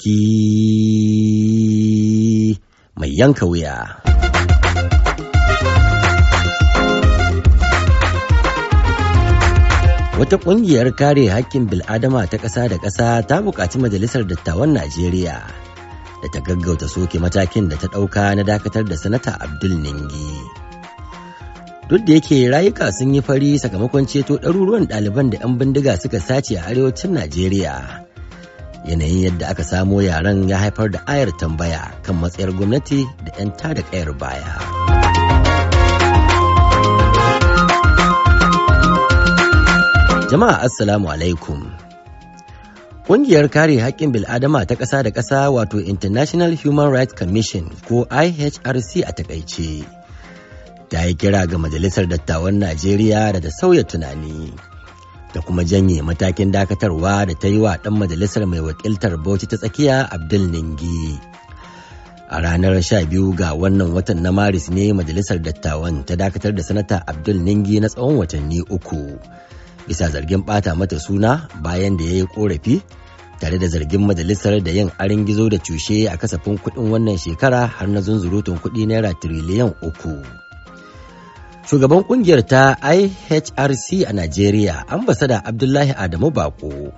jaki mai yanka wuya. Wata ƙungiyar kare haƙƙin bil'adama ta ƙasa da ƙasa ta buƙaci Majalisar Dattawan Najeriya da ta gaggauta soke matakin da ta ɗauka na dakatar da Sanata Abdul Ningi. Duk da yake rayuka sun yi fari sakamakon ceto ɗaruruwan ɗaliban da 'yan bindiga suka sace a arewacin Najeriya. yanayin yadda aka samo yaren ya haifar da ayar tambaya kan matsayar gwamnati da 'yan tada kayar baya jama'a assalamu alaikum Ƙungiyar kare haƙƙin bil'adama ta ƙasa da ƙasa wato International Human Rights Commission ko IHRC a takaice. Ta yi kira ga Majalisar Dattawan Najeriya da ta sauya tunani. da kuma janye matakin dakatarwa da ta yi wa ɗan majalisar mai wakiltar Bauchi ta tsakiya Abdul Ningi. A ranar 12 ga wannan watan na Maris ne majalisar dattawan ta dakatar da sanata Abdul Ningi na tsawon watanni uku. Bisa zargin ɓata mata suna bayan da ya yi ƙorafi tare da zargin majalisar da yin arin gizo da cushe a kasafin kuɗin wannan shekara har na zunzurutun kuɗi naira tiriliyan uku. Shugaban kungiyar ta IHRC a Najeriya, ambasada Abdullahi Adamu Bako,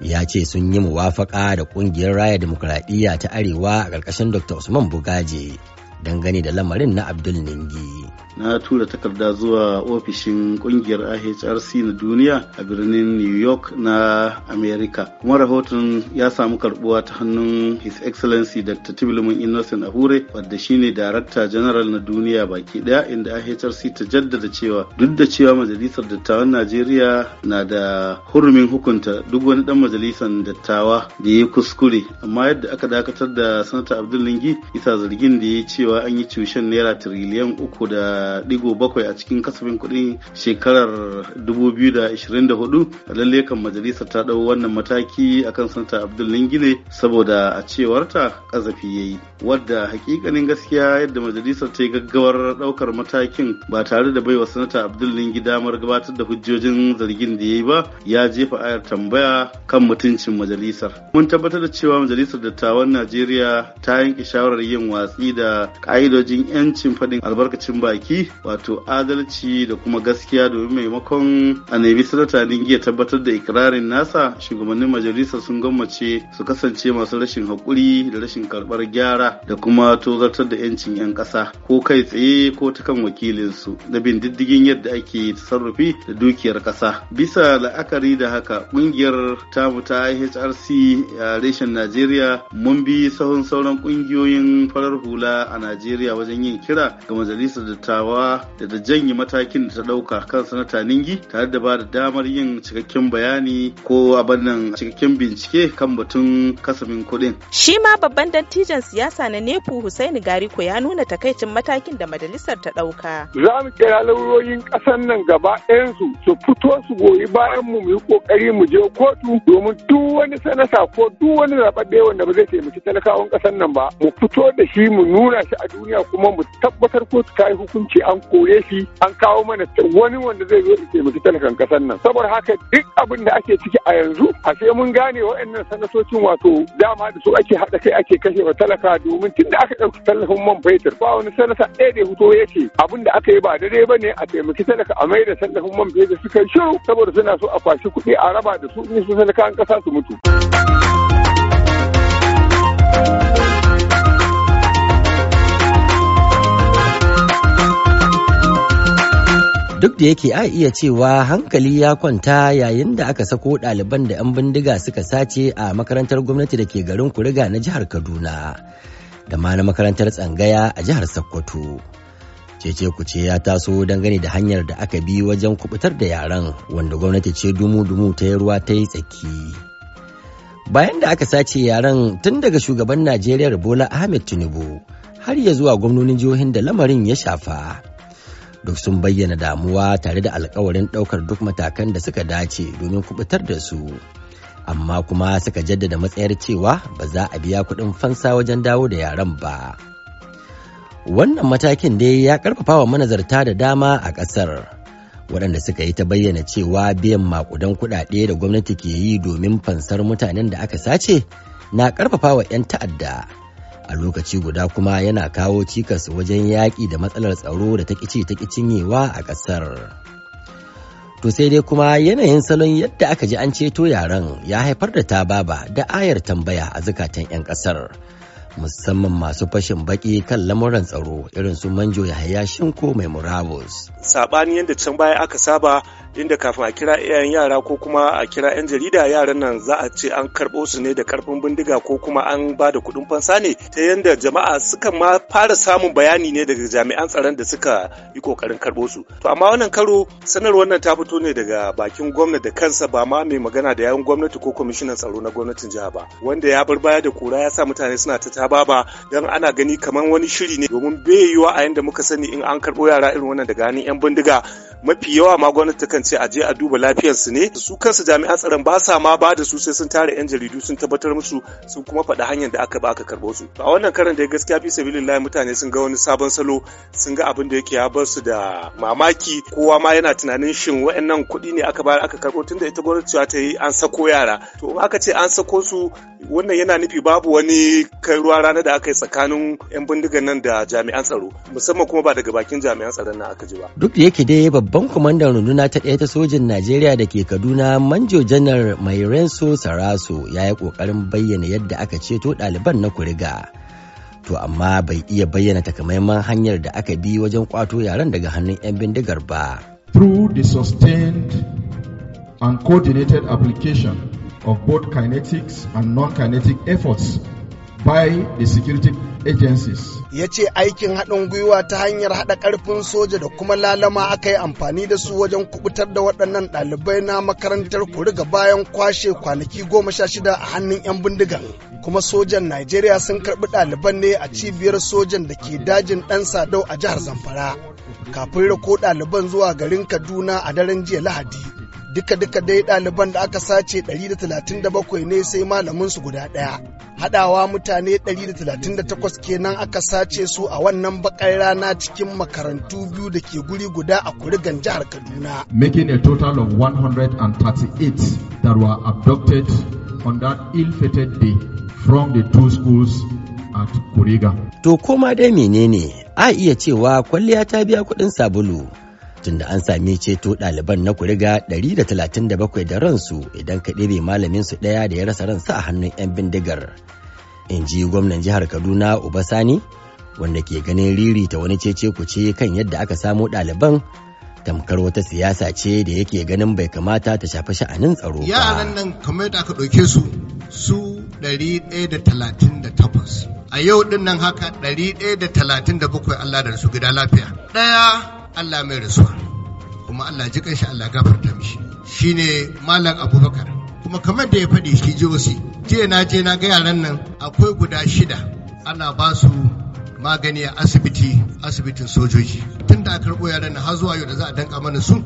ya ce sun yi muwafaka da kungiyar raya demokuraɗiyya ta Arewa a ƙarƙashin Dr. Usman Bugaje dangane da lamarin na Abdul Ningi. na tura takarda zuwa ofishin kungiyar ihrc na duniya a birnin new york na america kuma rahoton ya samu karbuwa ta hannun his excellency dr tibulumin innocent ahure wadda shine darakta general na duniya baki daya inda ahrc ta jaddada cewa duk da cewa majalisar dattawan najeriya na da hurumin hukunta duk wani dan majalisar dattawa da ya kuskure amma yadda aka dakatar da sanata abdul isa zargin da ya cewa an yi cushen naira tiriliyan uku da A digo bakwai a cikin kasafin kuɗin shekarar 2024 lalle kan majalisar ta ɗau wannan mataki a kan sanata abdul lingine saboda a cewarta kazafi ya yi wadda hakikanin gaskiya yadda majalisar ta yi gaggawar ɗaukar matakin ba tare da baiwa sanata abdul lingi damar gabatar da hujjojin zargin da ya yi ba ya jefa ayar tambaya kan mutuncin majalisar mun tabbatar da cewa majalisar dattawan najeriya ta yanke shawarar yin watsi da ka'idojin 'yancin faɗin albarkacin baki tsaki wato adalci da kuma gaskiya domin maimakon a nemi sanatanin giya tabbatar da ikirarin nasa shugabannin majalisa sun gammace su kasance masu rashin haƙuri da rashin karɓar gyara da kuma tozartar da 'yancin 'yan ƙasa ko kai tsaye ko ta kan wakilinsu da bin diddigin yadda ake tasarrufi da dukiyar ƙasa bisa la'akari da haka ƙungiyar tamu ta ihrc a reshen najeriya mun bi sahun sauran ƙungiyoyin farar hula a najeriya wajen yin kira ga majalisar da ta kulawa da da janye matakin da ta ɗauka kan sanata Ningi tare da ba da damar yin cikakken bayani ko abannan cikakken bincike kan batun kasafin kuɗin. Shi ma babban dattijan siyasa na Nepu Hussaini Gariko ya nuna takaicin matakin da majalisar ta dauka Za mu kira lauyoyin kasan nan gaba ɗayansu su fito su goyi bayan mu yi ƙoƙari mu je kotu domin duk wani sanata ko duk wani zaɓaɓɓe wanda ba zai taimaki talakawan ƙasar nan ba mu fito da shi mu nuna shi a duniya kuma mu tabbatar kotu ta yi hukunci. ce an kore shi an kawo mana wani wanda zai zo da taimaki talakan kasan nan saboda haka duk abin da ake ciki a yanzu a sai mun gane waɗannan sanatocin wato dama da su ake haɗa kai ake kashe wa talaka domin tun da aka ɗauki tallafin man fetur ba wani sanata ɗaya da fito ya ce abin da aka yi ba dare ba ne a taimaki talaka a mai da tallafin man fetur suka shiru saboda suna so a kwashi kuɗi a raba da su in su talaka an ƙasa su mutu. duk da yake a iya cewa hankali ya kwanta yayin da aka sako ɗaliban da 'yan bindiga suka sace a makarantar gwamnati da ke garin kuriga na jihar kaduna da ma na makarantar tsangaya a jihar sokoto cece ce ya taso dangane da hanyar da aka bi wajen kubutar da yaran wanda gwamnati ce dumu-dumu ta yi ruwa ta yi tsaki bayan da aka sace yaran tun daga shugaban najeriya bola ahmed tinubu har ya zuwa gwamnonin jihohin da lamarin ya shafa duk sun bayyana damuwa tare da alkawarin ɗaukar duk matakan da suka dace domin kubutar da su amma kuma suka jaddada matsayar cewa ba za a biya kuɗin fansa wajen dawo da yaren ba wannan matakin dai ya karfafa wa manazarta da dama a ƙasar waɗanda suka yi ta bayyana cewa biyan makudan kuɗaɗe da gwamnati ke yi domin fansar mutanen da aka sace na ƙarfafa wa 'yan ta'adda a lokaci guda kuma yana kawo cikas wajen yaƙi da matsalar tsaro da ta ƙici ta cinyewa a ƙasar. To sai dai kuma yanayin salon yadda aka ji an ceto yaren ya haifar da ta baba da ayar tambaya a zukatan 'yan ƙasar. musamman masu fashin baki kan lamuran tsaro irin su manjo yahaya shinko mai murabus sabani yadda can baya aka saba inda kafin a kira 'ya'yan yara ko kuma a kira 'yan jarida yaran nan za a ce an karɓo su ne da karfin bindiga ko kuma an ba da kuɗin fansa ne ta yadda jama'a suka ma fara samun bayani ne daga jami'an tsaron da suka yi kokarin karɓo su to amma wannan karo sanarwar nan ta fito ne daga bakin gwamnati da kansa ba ma mai magana da yawun gwamnati ko kwamishinan tsaro na gwamnatin jiha ba wanda ya bar baya da kura ya sa mutane suna ta ta baba don ana gani kamar wani shiri ne domin bai yiwa a yanda muka sani in an karɓo yara irin wannan daga hannun 'yan bindiga mafi yawa ma gwamnati kan ce a je a duba lafiyar su ne su kansu jami'an tsaron ba sa ma ba da su sai sun tare yan jaridu sun tabbatar musu sun kuma faɗa hanyar da aka ba aka karɓo su a wannan karan da gaskiya fi sabilillahi mutane sun ga wani sabon salo sun ga abin da yake ya bar su da mamaki kowa ma yana tunanin shin wa'annan kuɗi ne aka bayar aka karɓo tunda ita gwamnati ta yi an sako yara to aka ce an sako su wannan yana nufi babu wani kai ruwa rana da aka yi tsakanin 'yan bindigan nan da jami'an tsaro musamman kuma ba daga bakin jami'an tsaron nan aka ji ba duk da yake dai babban kwamandan runduna ta ɗaya ta sojin najeriya da ke kaduna manjo janar mai renso saraso ya yi ƙoƙarin bayyana yadda aka ceto ɗaliban na kuriga to amma bai iya bayyana takamaiman hanyar da aka bi wajen kwato yaren daga hannun 'yan bindigar ba through the sustained and coordinated application of both kinetics and non-kinetic efforts by the security agencies. Ya ce aikin haɗin gwiwa ta hanyar haɗa ƙarfin soja da kuma lalama aka yi amfani da su wajen kubutar da waɗannan ɗalibai na makarantar kuriga bayan kwashe kwanaki goma sha shida a hannun 'yan bindigan. Kuma sojan Najeriya sun karɓi ɗaliban ne a cibiyar sojan da ke dajin ɗan sadau a jihar Zamfara. Kafin rako ɗaliban zuwa garin Kaduna a daren jiya Lahadi. duka-duka dai ɗaliban da aka sace 137 ne sai malaminsu guda ɗaya haɗawa mutane 138 kenan aka sace su a wannan bakar rana cikin makarantu biyu da ke guri guda a kurigan jihar kaduna making a total of 138 that were abducted on that ill-fated day from the two schools at kuriga to koma dai menene a iya cewa kwalliya ta biya kuɗin sabulu tunda an sami ceto ɗaliban na kuriga 137 da ransu idan ka ɗebe malamin su ɗaya da ya rasa ransu a hannun 'yan bindigar in ji gwamnan jihar kaduna Uba Sani, wanda ke ganin riri ta wani cece kuce kan yadda aka samo ɗaliban tamkar wata siyasa ce da yake ganin bai kamata ta shafi sha'anin tsaro yaran nan kamar yadda aka ɗauke su su 138 a yau ɗin nan haka 137 Allah da su gida lafiya ɗaya Allah mai rasuwa kuma Allah ji kanshi Allah gafarta mishi shine malam Abubakar kuma kamar da ya faɗi shi ji wasi jiya na je na ga yaran nan akwai guda shida ana ba su magani a asibiti asibitin sojoji tun da aka karɓo yaran nan har zuwa yau da za a danka mana su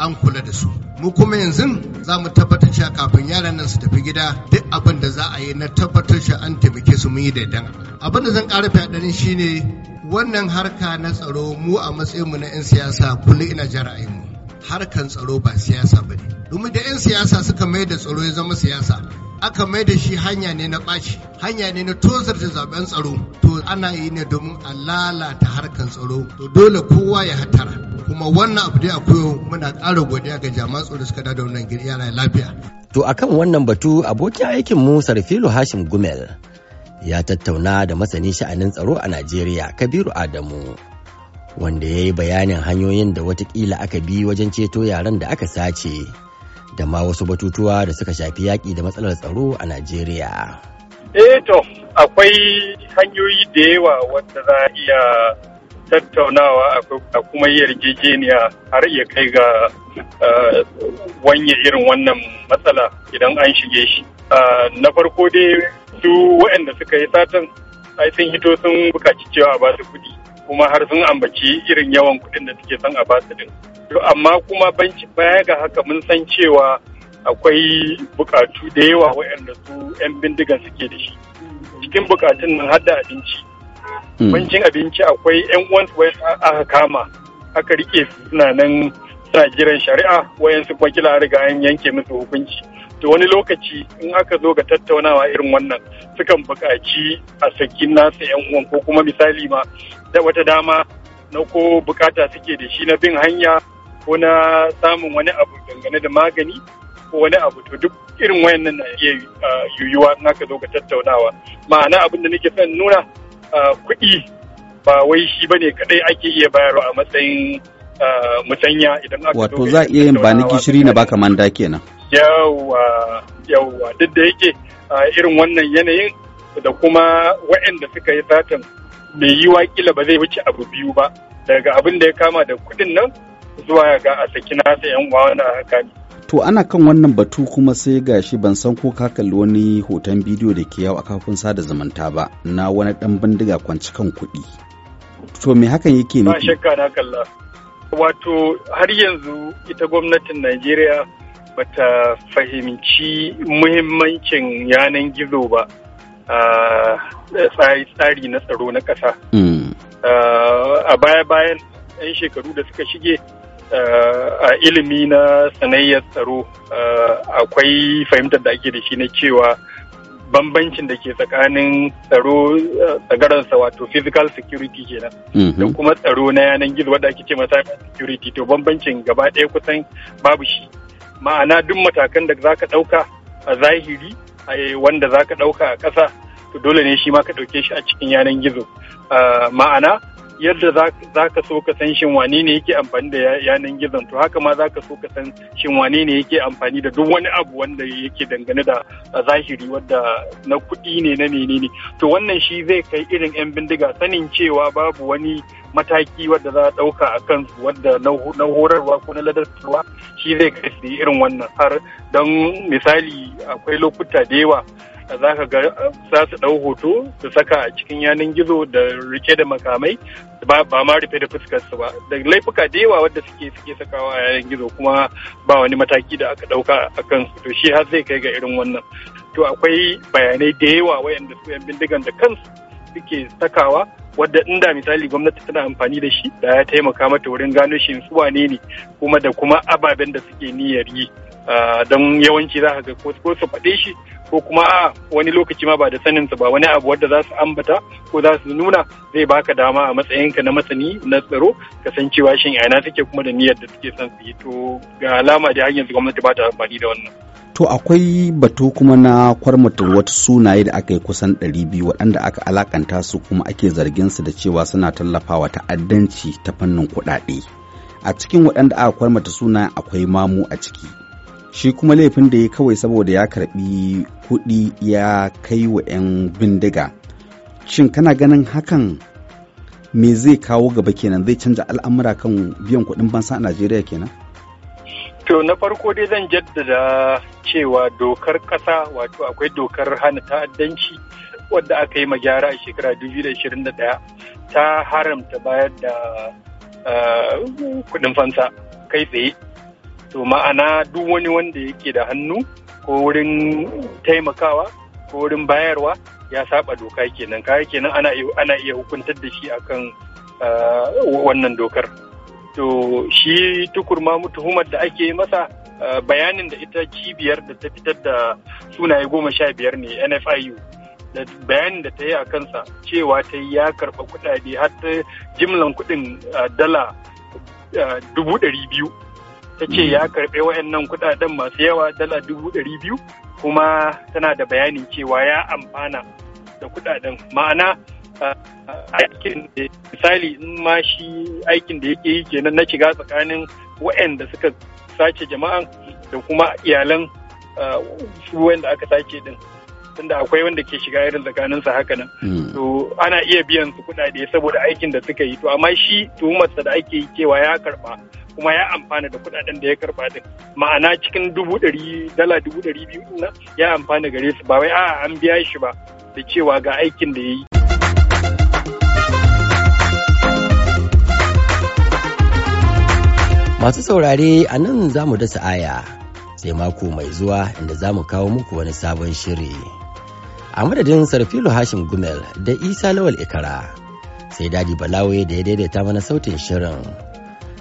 an kula da su mu kuma yanzu za mu tabbatar cewa kafin yaran nan su tafi gida duk abin da za a yi na tabbatar cewa an taimake su mun yi daidan abin da zan ƙara fiye shine wannan harka na tsaro mu a matsayin mu na 'yan siyasa kullum ina jin mu harkan tsaro ba siyasa ba ne domin da 'yan siyasa suka mai da tsaro ya zama siyasa aka mai da shi hanya ne na ɓaci hanya ne na tozarta zaben tsaro to ana yi ne domin a lalata harkan tsaro to dole kowa ya hatara kuma wannan abu dai akwai muna ƙara godiya ga jama'a tsaro suka da wannan gari yana lafiya to akan wannan batu abokin aikin mu sarfilu hashim gumel ya tattauna da masani sha'anin tsaro a najeriya kabiru adamu wanda ya yi bayanin hanyoyin da watakila aka bi wajen ceto yaran da aka sace da ma wasu batutuwa da suka shafi yaƙi da matsalar tsaro a Najeriya. Eh to, akwai hanyoyi da yawa wanda za iya tattaunawa a kuma yarjejeniya har iya kai ga eh, wanye irin wannan matsala idan an shige shi. Ah, na farko dai su waɗanda suka yi satan ai sun hito sun bukaci cewa ba su kuɗi kuma har sun ambaci irin yawan kuɗin da suke son a basu din amma kuma banki baya ga haka mun san cewa akwai bukatu da yawa waɗanda su 'yan bindigan suke da shi cikin bukatun nan har da abinci hmm. bancin abinci akwai 'yan uwansu wai aka kama aka rike suna nan suna jiran shari'a wayansu kuma kila riga an yanke musu hukunci da wani lokaci in aka zo ga tattaunawa irin wannan sukan buƙaci a saki nasa yan uwan ko kuma misali ma da wata dama na ko bukata suke da shi na bin hanya ko na samun wani abu dangane da magani ko wani abu to duk irin wayannan na iya yuyuwa in aka zo ga tattaunawa ma'ana abin da nake son nuna kuɗi ba wai shi bane kadai ake iya bayarwa a matsayin musanya idan aka wato za iya yin ba na gishiri na baka manda kenan yawa duk da yake irin wannan yanayin da kuma waɗanda suka yi satan mai yi kila ba zai wuce abu biyu ba daga abin da ya kama da kuɗin nan zuwa ga a saki nasa yan a haka ne to ana kan wannan batu kuma sai gashi ban san ko ka kalli wani hoton bidiyo da ke yawo a kafin sada zumunta ba na wani ɗan bindiga kwanci kan kuɗi to me hakan yake nufi ba shakka na kalla wato har yanzu ita gwamnatin Najeriya bata fahimci muhimmancin yanan gizo ba tsari na tsaro na ƙasa. Hmm. A baya-bayan 'yan shekaru da suka shige a ilimi na sanayyar tsaro akwai fahimtar da ake da shi na cewa bambancin da ke tsakanin tsaro tsagararsa wato physical security kenan da mm-hmm. kuma tsaro na yanan gizo wadda ake ce masa security to bambancin gaba ɗaya kusan babu shi ma'ana duk matakan da za ka ɗauka a zahiri wanda za ka ɗauka a ƙasa to dole ne shi ma ka ɗauke shi a cikin yanan gizo ah, ma'ana yadda za ka so ka san shin wane ne yake amfani da yanan gizon to haka ma za ka so ka san shin wane ne yake amfani da duk wani abu wanda yake dangane da zahiri wadda na kuɗi ne na menene to wannan shi zai kai irin 'yan bindiga sanin cewa babu wani mataki wadda za a ɗauka a kansu wadda na horarwa ko na ladarwa shi zai kai irin wannan har don misali akwai lokuta da yawa za ka ga eh, za su ɗau hoto su saka a cikin yanin gizo da rike da makamai ba ma rufe da fuskar su ba da laifuka da yawa wadda suke suke sakawa a yanin gizo kuma ba wani mataki da aka ɗauka a kansu to shi har zai kai ga irin wannan to akwai bayanai da yawa wayanda su yan bindigan da kansu suke sakawa wadda inda misali gwamnati tana amfani da shi da ya taimaka mata wurin gano shi su wane ne kuma da kuma ababen da suke niyyar yi don yawanci za ka ga ko su faɗe shi ko kuma a wani lokaci ma ba da sanin su ba wani abu wadda za su ambata ko za su nuna zai baka dama a matsayinka na masani na tsaro cewa shin yana take kuma da niyyar da suke son su yi to ga alama da har yanzu gwamnati ba ta amfani da wannan. To akwai batu kuma na kwarmata wata sunaye da aka yi kusan 200 waɗanda aka alakanta su kuma ake zargin su da cewa suna tallafawa ta'addanci ta fannin kuɗaɗe. A cikin waɗanda aka kwarmata sunayen akwai mamu a ciki. shi kuma laifin da ya kawai saboda ya karbi kuɗi ya kai wa 'yan bindiga shin kana ganin hakan me zai kawo gaba kenan zai canza al'amura kan biyan kuɗin bansa a najeriya kenan to na farko dai zan jaddada cewa dokar ƙasa wato akwai dokar hana ta'addanci wadda aka yi gyara a shekara 2021 ta haramta bayar da eh, kuɗin fansa kai tsaye to ma'ana duk wani wanda yake da hannu ko wurin taimakawa ko wurin bayarwa ya saba doka kenan kaya kenan ana ana iya hukuntar da shi akan ah, wannan dokar to shi tukurma tuhumar da ake masa ah, bayanin da ita cibiyar da ta fitar da sunaye goma sha biyar ne nfiu da bayanin da ta yi a kansa cewa ta yi ya karɓa kuɗaɗe har ta jimlan kuɗin ah, dala dubu ɗari biyu ta ce ya mm. karɓi waɗannan kuɗaɗen masu yawa dala dubu ɗari biyu kuma tana da bayanin cewa ya amfana da kuɗaɗen ma'ana aikin da misali in ma shi aikin da yake yi kenan na shiga tsakanin waɗanda suka sace jama'an da kuma iyalan su wanda aka sace din tunda akwai wanda ke shiga irin tsakanin sa haka nan mm. to ana iya biyan su kuɗaɗe saboda aikin da suka yi to amma shi tuhumarsa da ake yi cewa ya karɓa kuma ya amfana da kuɗaɗen da ya karba din ma'ana cikin dubu ɗari dala dubu ɗari biyu nan ya amfana gare su ba wai a'a an biya shi ba da cewa ga aikin da ya yi. Masu saurare a nan za mu dasa aya sai mako mai zuwa inda za mu kawo muku wani sabon shiri. A madadin Sarfilo Hashim Gumel da Isa Lawal Ikara sai Dadi balawai da ya daidaita mana sautin shirin.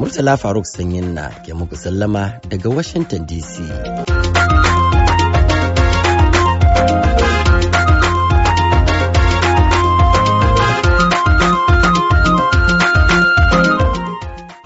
Murtala Faruk Sanyin na ke muku sallama daga Washington DC.